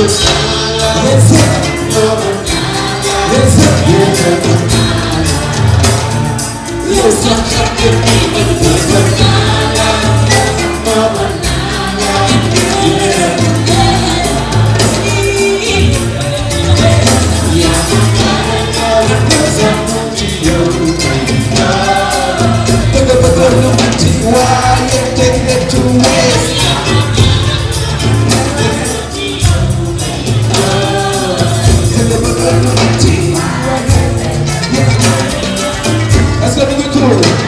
Yes, yes, yes, yes, Thank you.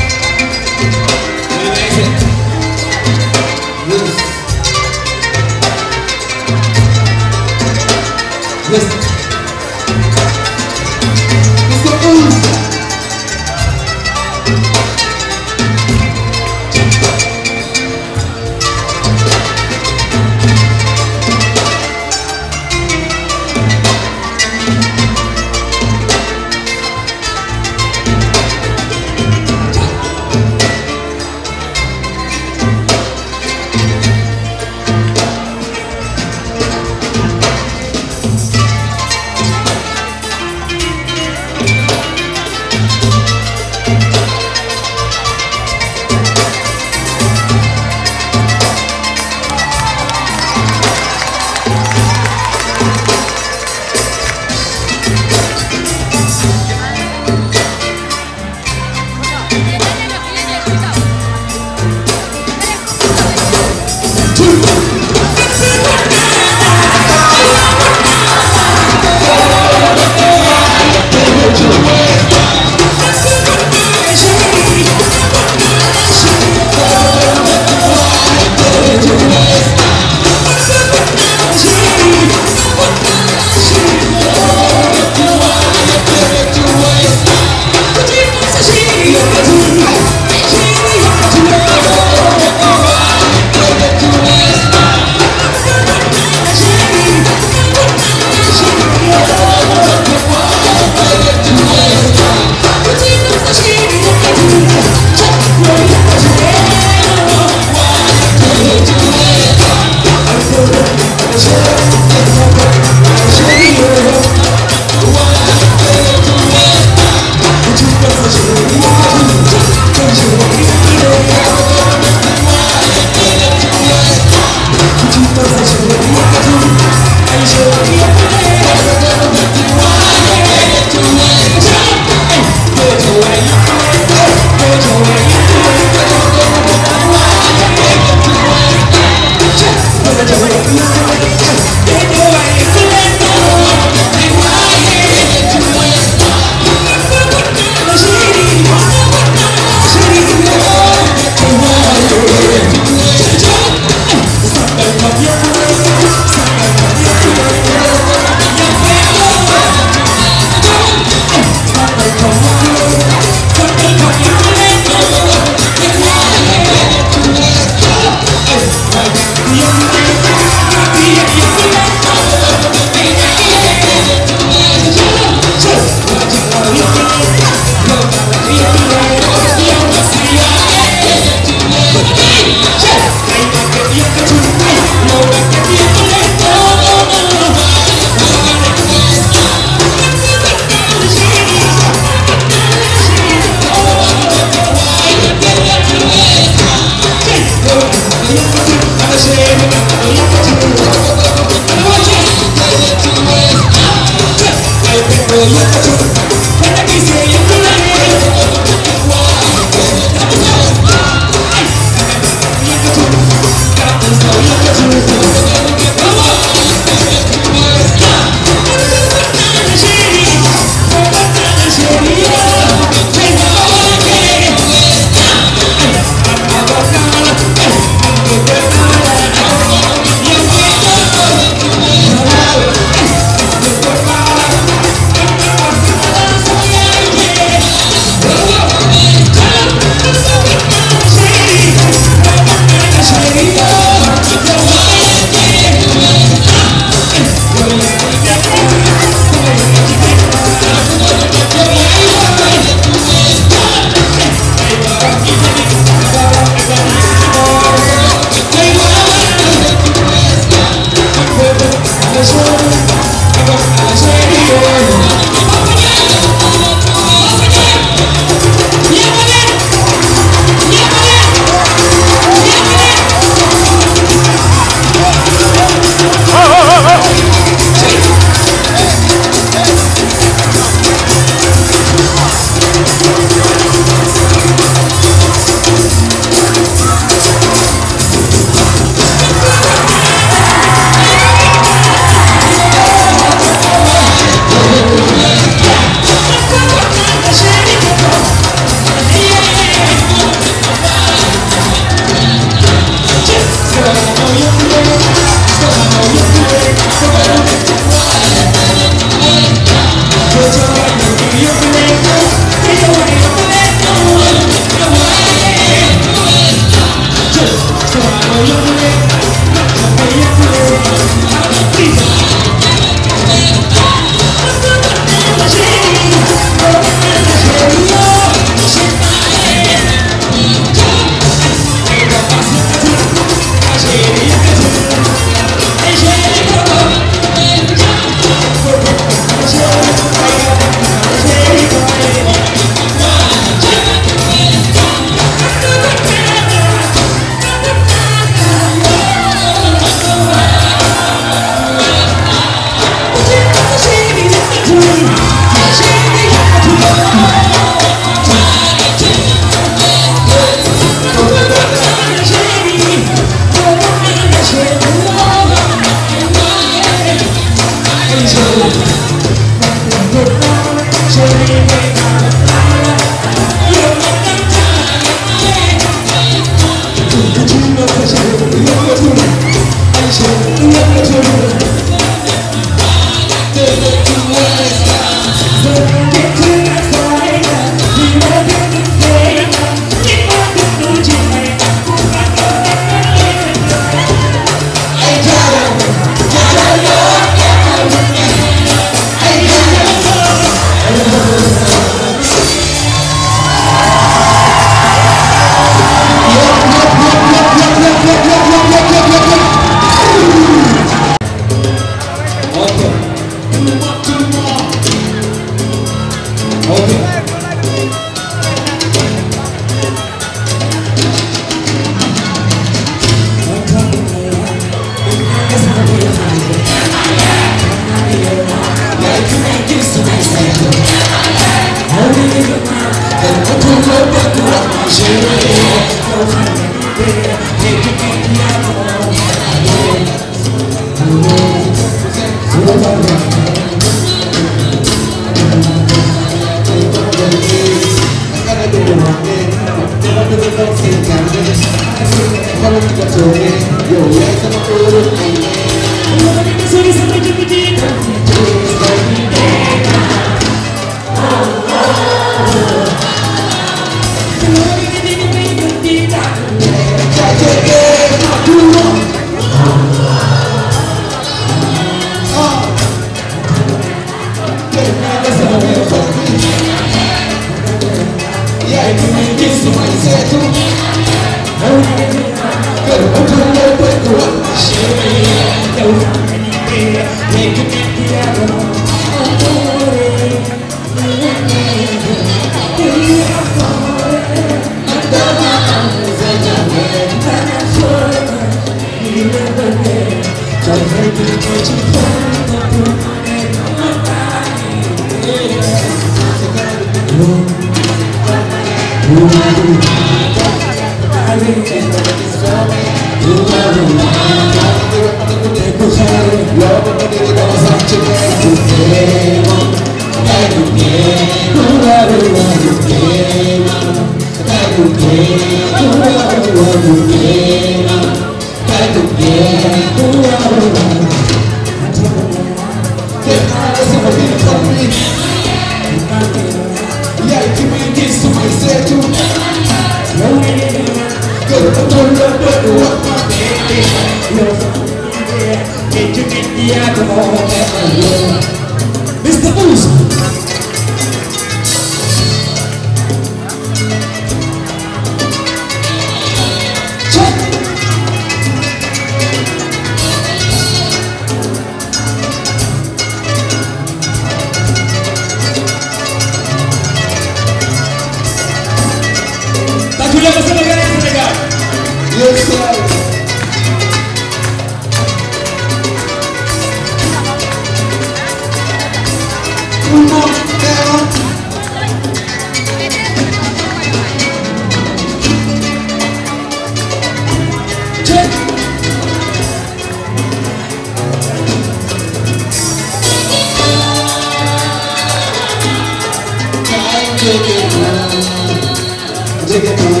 Thank you.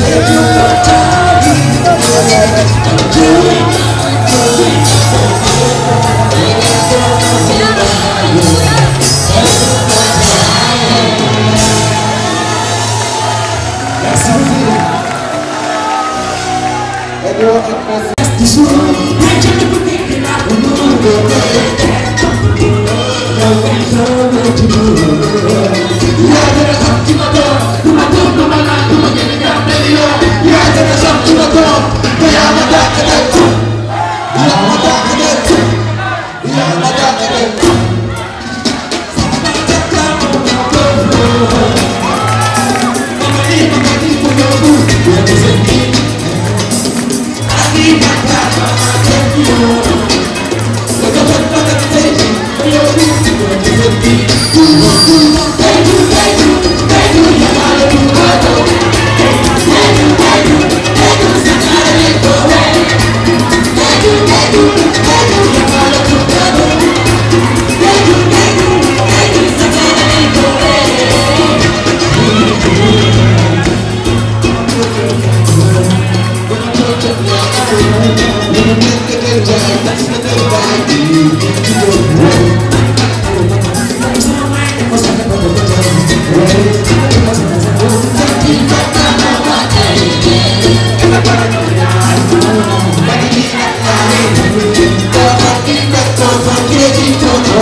If you want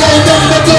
ngay dem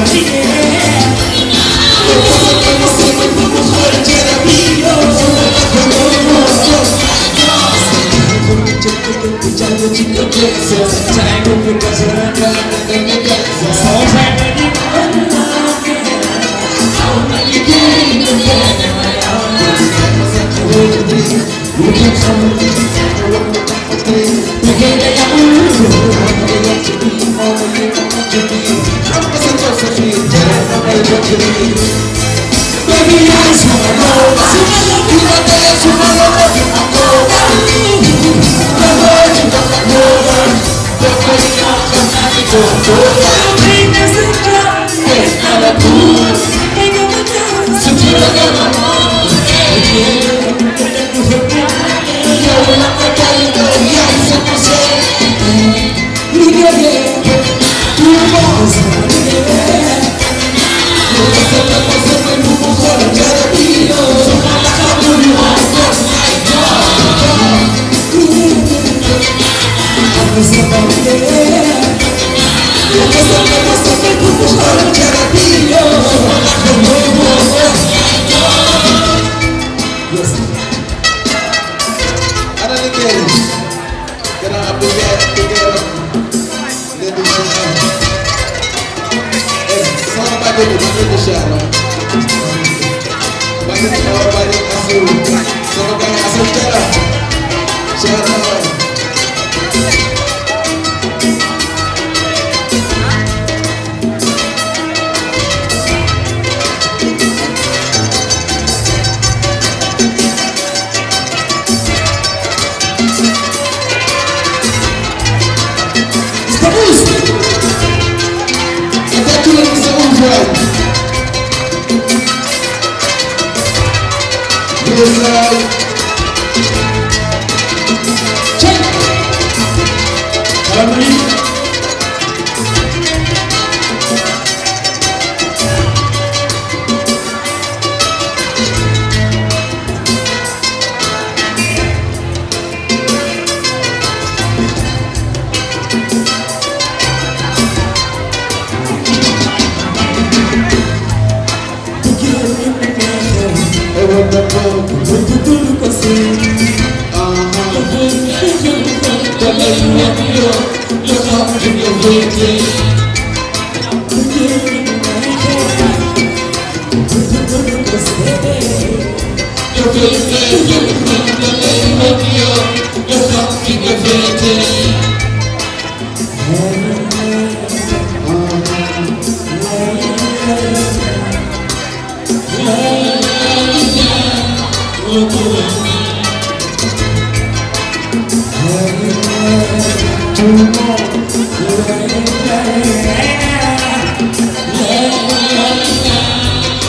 Thank you. Solo para aceptar. Solo para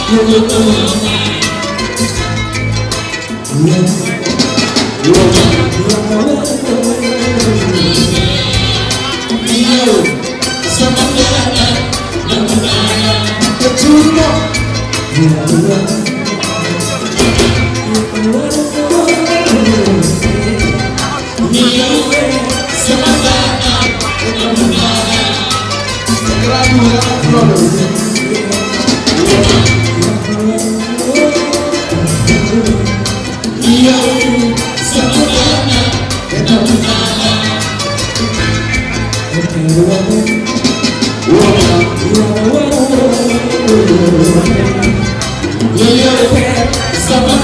Gracias. Somebody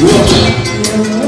Woo!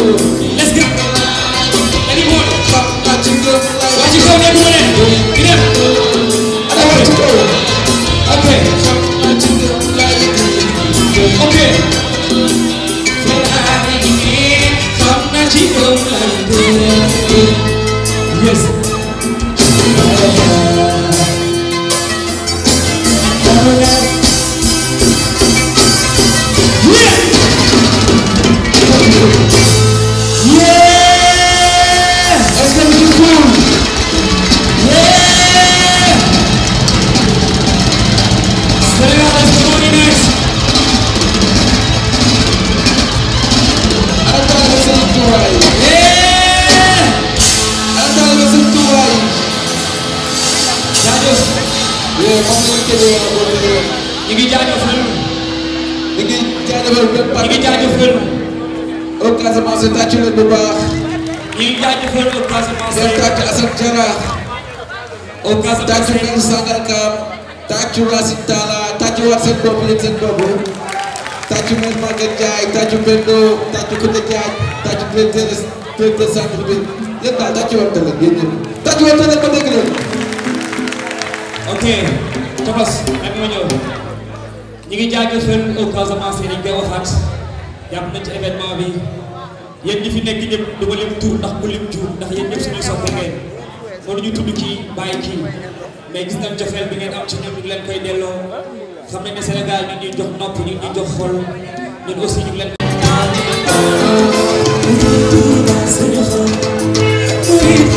Thank you. ko politique boobu tàccu mel Maguette Ndiaye tàccu Pendo tàccu Kouté Diagne tàccu directeur directeur centre bi tàccu wante la yéen tàccu wante la ko ok Thomas ak ma ñëw ñu ngi jaajëfal au Casamance yi dañ koy waxaat jàpp nañ ci événement bi yéen ñi fi nekk ñëpp du lim tur ndax ku lim tur ndax yéen ñëpp suñuy soxla ngeen mënuñu tudd kii bàyyi kii mais gis nañ cofeel bi ngeen am ci ñoom ñu leen koy delloo xam nañ ne Sénégal ñu ñuy jox nopp ñu ñuy jox xol ñun aussi ñu leen suñu xol